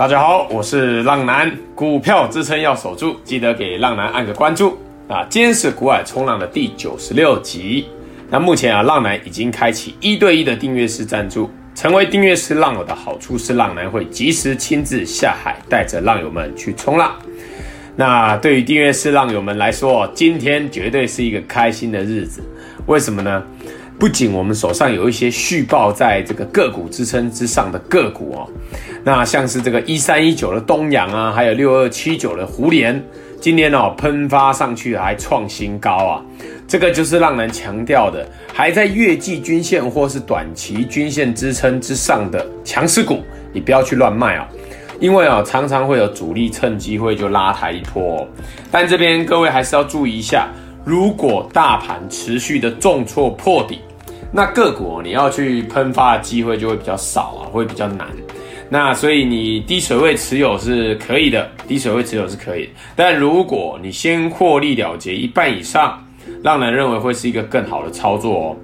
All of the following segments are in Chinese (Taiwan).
大家好，我是浪男，股票支撐要守住，記得給浪男按個關注啊！今天是股海衝浪的第九十六集。那目前啊，浪男已經開啟一對一的訂閱式贊助，成為訂閱式浪友的好處是，浪男會及時親自下海，帶着浪友們去衝浪。那對於訂閱式浪友們來說，今天絕對是一個開心的日子，為什麼呢？不僅我們手上有一些續抱在這個個股支撐之上的個股哦，那像是這個一三一九的東陽啊，還有六二七九的胡連，今天哦噴發上去還創新高啊，這個就是浪男強調的，還在月季均線或是短期均線支撐之上的強勢股，你不要去亂賣哦，因為哦常常會有主力趁機會就拉抬一波哦。但這邊各位還是要注意一下，如果大盤持續的重挫破底。那個股你要去噴發的機會就會比較少啊，會比較難。那所以你低水位持有是可以的，低水位持有是可以的。但如果你先獲利了結一半以上，浪男認為會是一個更好的操作哦。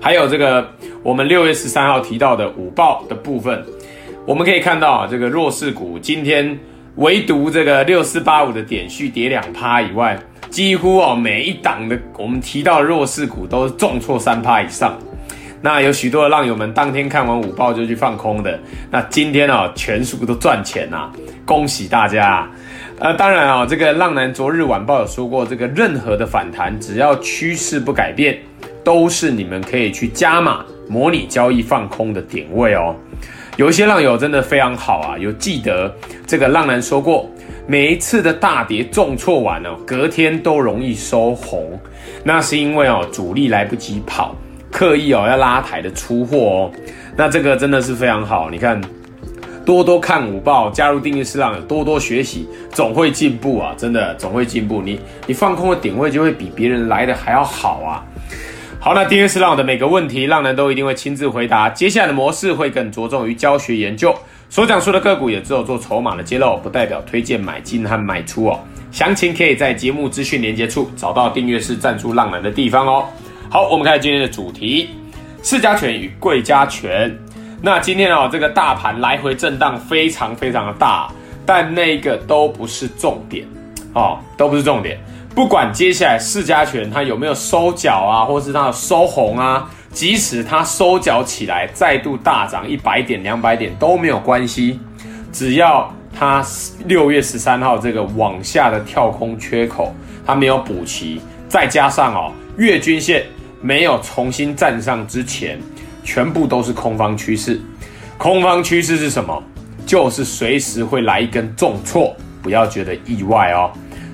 還有這個我們六月十三號提到的午報的部分，我們可以看到啊，這個弱勢股今天，唯獨這個六四八五的點序跌兩趴以外，幾乎哦每一檔的我們提到的弱勢股都重挫三趴以上。那有許多的浪友們當天看完午報，就去放空的，那今天哦全數都賺錢啊。恭喜大家！啊、呃！當然啊、哦、這個浪男昨日晚報有說過，這個任何的反彈只要趨勢不改變，都是你們可以去加碼模擬交易放空的點位哦。有一些浪友真的非常好啊，有記得這個浪男說過，每一次的大跌重挫完了哦，隔天都容易收紅。那是因為哦主力來不及跑，刻意哦要拉抬的出貨哦，那這個真的是非常好。你看，多多看午報，加入訂閱式浪友，多多學習，總會進步啊，真的總會進步。你你放空的點位就會比別人來的還要好啊。好，那訂閱式讓我的每個問題，浪男都一定會親自回答。接下來的模式會更着重於教學研究，所講述的個股也只有做籌碼的揭露，不代表推薦買進和賣出哦。詳情可以在節目資訊連結處找到訂閱式贊助浪男的地方哦。好，我們看今天的主題，市加權與櫃加權。那今天啊、哦，這個大盤來回震盪非常非常的大，但那個都不是重點哦，都不是重點。不管接下來市加權，它有沒有收腳啊，或是它的收紅啊，即使它收腳起來再度大漲一百點、兩百點都沒有關係，只要它六月十三號這個往下的跳空缺口它沒有補齊，再加上哦月均線沒有重新站上之前，全部都是空方趨勢。空方趨勢是什麼？就是隨時會來一根重挫，不要覺得意外哦。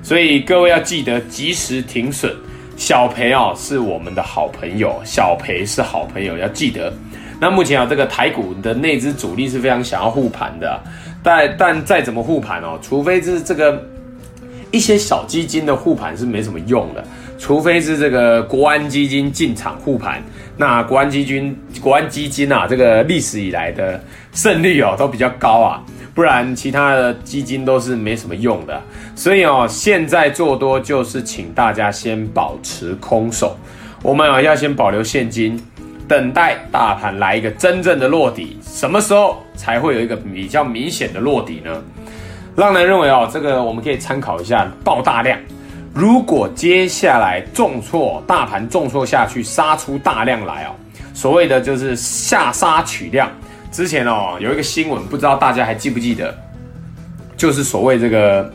所以各位要記得即時停損，小賠哦、喔、是我們的好朋友，小賠是好朋友，要記得。那目前啊、喔，這個台股的內資主力是非常想要護盤的，但但再怎麼護盤哦，除非是這個一些小基金的護盤是沒什麼用的，除非是這個國安基金進場護盤。那國安基金，國安基金啊，這個歷史以來的勝率哦、喔、都比較高啊。不然，其他的基金都是沒什麼用的。所以哦，現在做多就是請大家先保持空手，我們啊要先保留現金，等待大盤來一個真正的落底。什麼時候才會有一個比較明顯的落底呢？浪男認為哦，這個我們可以參考一下爆大量。如果接下來重挫，大盤重挫下去殺出大量來哦，所謂的就是下殺取量。之前哦，有一個新聞，不知道大家還記不記得，就是所謂這個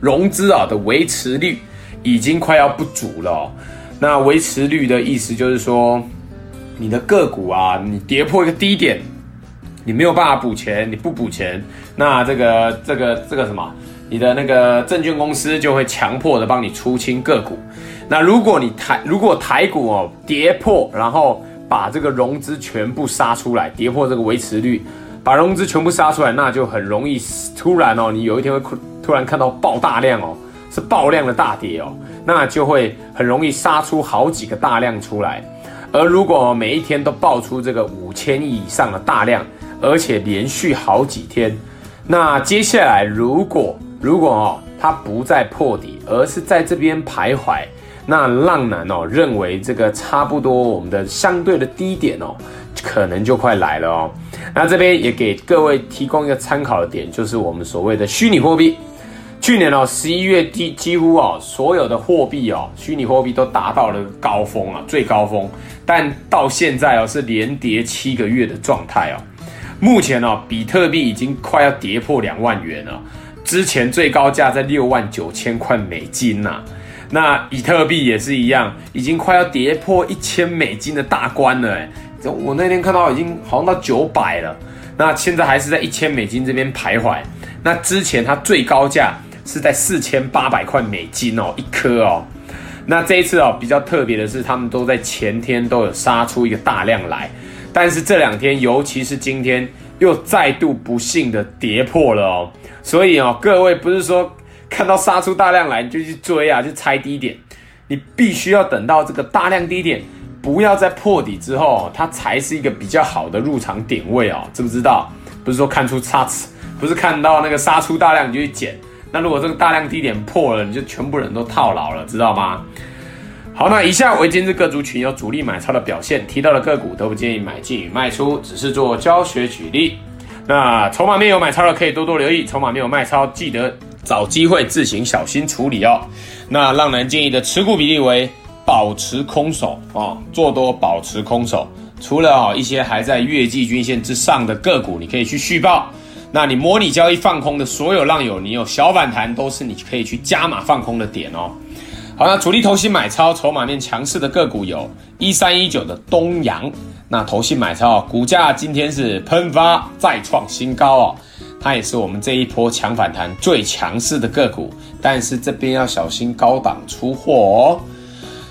融資啊的維持率已經快要不足了哦。那維持率的意思就是說，你的個股啊，你跌破一個低點，你沒有辦法補錢，你不補錢，那這個這個這個什麼，你的那個證券公司就會強迫的幫你出清個股。那如果你台如果台股哦跌破，然後。把這個融資全部殺出來，跌破這個維持率，把融資全部殺出來，那就很容易突然哦，你有一天會突然看到爆大量哦，是爆量的大跌哦，那就會很容易殺出好幾個大量出來。而如果哦，每一天都爆出這個五千億以上的大量，而且連續好幾天，那接下來如果如果哦，它不再破底，而是在這邊徘徊。那浪男哦，認為這個差不多，我們的相對的低點哦，可能就快來了哦。那這邊也給各位提供一個參考的點，就是我們所謂的虛擬貨幣。去年哦，十一月底幾乎哦，所有的貨幣哦，虛擬貨幣都達到了高峰啊，最高峰，但到現在哦，是連跌七個月的狀態哦。目前哦，比特幣已經快要跌破兩萬元了，之前最高價在六萬九千塊美金吶、啊。那以太幣也是一樣，已經快要跌破一千美金的大關了。欸，我那天看到已經好像到九百了。那現在還是在一千美金這邊徘徊。那之前它最高價是在四千八百塊美金哦，一顆哦。那這一次哦，比較特別的是，他們都在前天都有殺出一個大量來，但是這兩天，尤其是今天，又再度不幸的跌破了哦。所以哦，各位不是說。看到殺出大量來，你就去追啊，就猜低點。你必須要等到這個大量低點不要再破底之後，它才是一個比較好的入場點位哦。知不知道？不是說看出差池，不是看到那個殺出大量你就去撿。那如果這個大量低點破了，你就全部人都套牢了，知道嗎？好，那以下為今日各族群有主力買超的表現，提到的個股都不建議買進與賣出，只是做教學舉例。那籌碼面有買超的可以多多留意，籌碼面有賣超記得。找機會自行小心處理哦。那浪男建議的持股比例為保持空手哦，做多保持空手。除了哦一些還在月季均線之上的個股，你可以去續抱。那你模擬交易放空的所有浪友，你有小反彈都是你可以去加碼放空的點哦。好，那主力投信買超，籌碼面強勢的個股有一三一九的東陽。那投信買超啊，股價今天是噴發再創新高哦。它也是我們這一波強反彈最強勢的個股，但是這邊要小心高檔出貨哦。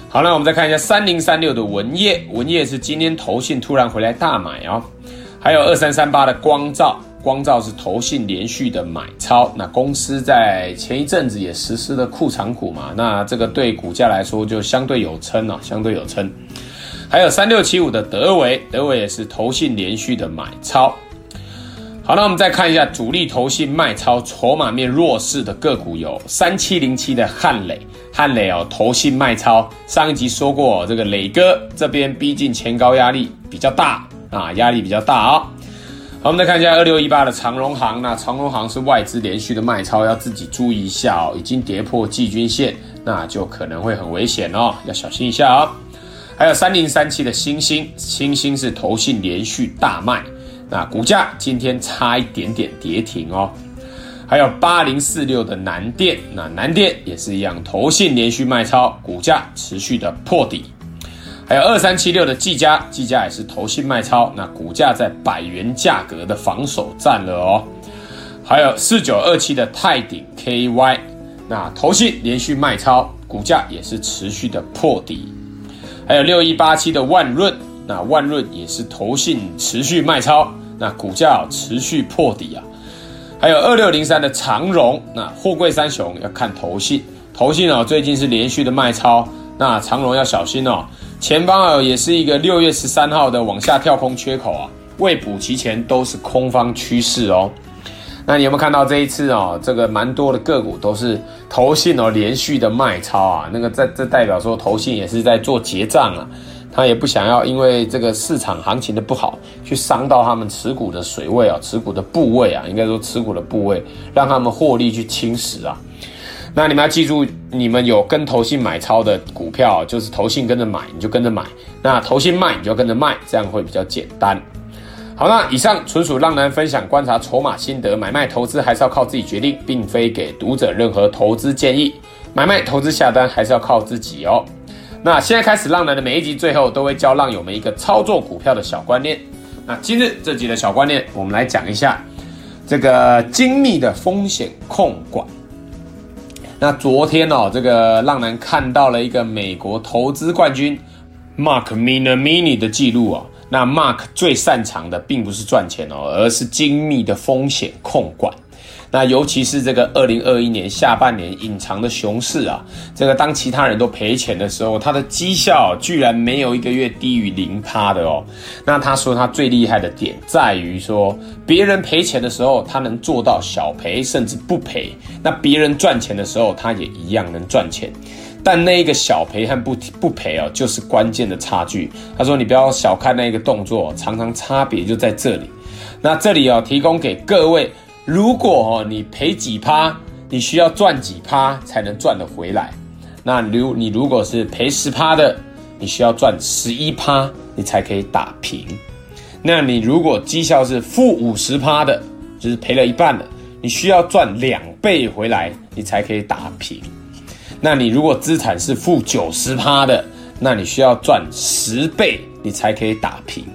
好了，那我們再看一下三零三六的文曄，文曄是今天投信突然回來大買哦。還有二三三八的光罩，光罩是投信連續的買超。那公司在前一陣子也實施了庫藏股嘛，那這個對股價來說就相對有撐哦，啊，相對有撐。還有三六七五的德微，德微也是投信連續的買超。好，那我們再看一下主力投信賣超、籌碼面弱勢的個股有三七零七的漢磊，漢磊哦，投信賣超，上一集說過這，這個磊哥這邊逼近前高壓力比較大啊，壓力比較大哦。好，我們再看一下二六一八的長榮航，那長榮航是外資連續的賣超，要自己注意一下哦，已經跌破季均線，那就可能會很危險哦，要小心一下哦。還有三零三七的欣興，欣興是投信連續大賣。那股價今天差一點點跌停哦，還有八零四六的南電，那南電也是一樣，投信連續賣超，股價持續的破底，還有二三七六的技嘉，技嘉也是投信賣超，那股價在百元價格的防守戰了哦，還有四九二七的泰鼎 KY，那投信連續賣超，股價也是持續的破底，還有六一八七的萬潤。那萬潤也是投信持續賣超，那股價持續破底啊。還有二六零三的長榮，那貨櫃三雄要看投信，投信哦、啊、最近是連續的賣超，那長榮要小心哦。前方哦也是一個六月十三號的往下跳空缺口啊，未補齊前都是空方趨勢哦。那你有沒有看到這一次哦，這個蠻多的個股都是投信哦連續的賣超啊，那個這這代表說投信也是在做結帳啊。他也不想要，因為這個市場行情的不好，去傷到他們持股的水位啊、喔，持股的部位啊，應該說持股的部位，讓他們獲利去侵蝕啊。那你們要記住，你們有跟投信買超的股票、喔，就是投信跟着買，你就跟着買；那投信賣，你就跟着賣，這樣會比較簡單。好，那以上純屬浪男分享觀察籌碼心得，買賣投資還是要靠自己決定，並非給讀者任何投資建議，買賣投資下單還是要靠自己哦、喔。那現在開始，浪男的每一集最後都會教浪友們一個操作股票的小觀念。那今日這集的小觀念，我們來講一下這個精密的風險控管。那昨天哦，這個浪男看到了一個美國投資冠軍 Mark Minemini 的記錄啊。那 Mark 最擅長的並不是賺錢哦，而是精密的風險控管。那尤其是這個二零二一年下半年隱藏的熊市啊，這個當其他人都賠錢的時候，他的績效居然沒有一個月低於零趴的哦。那他說他最厲害的點在於說，別人賠錢的時候，他能做到小賠甚至不賠；那別人賺錢的時候，他也一樣能賺錢。但那一個小賠和不不賠哦，就是關鍵的差距。他說你不要小看那個動作，常常差別就在這裡。那這裡哦，提供給各位。如果哦，你賠幾趴，你需要賺幾趴才能賺得回來。那如你如果是賠十趴的，你需要賺十一趴，你才可以打平。那你如果績效是負五十趴的，就是賠了一半的，你需要賺兩倍回來，你才可以打平。那你如果資產是負九十趴的，那你需要賺十倍，你才可以打平。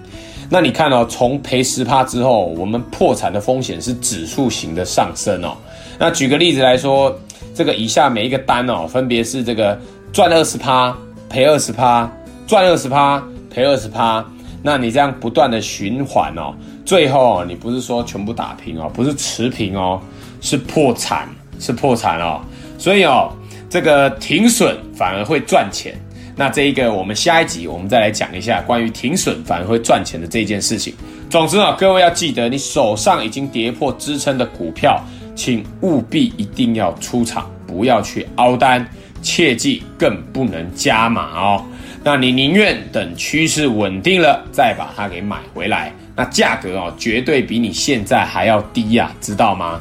那你看哦，從賠十趴之後，我們破產的風險是指數型的上升哦。那舉個例子來說，這個以下每一個單哦，分別是這個賺二十趴，賠二十趴，賺二十趴，賠二十趴。那你這樣不斷的循環哦，最後哦，你不是說全部打平哦，不是持平哦，是破產，是破產哦。所以哦，這個停損反而會賺錢。那這一個，我們下一集我們再來講一下關於停損反而會賺錢的這件事情。總之啊，各位要記得，你手上已經跌破支撐的股票，請務必一定要出場，不要去凹單，切記更不能加碼哦。那你寧願等趨勢穩定了，再把它給買回來，那價格哦，絕對比你現在還要低呀、啊，知道嗎？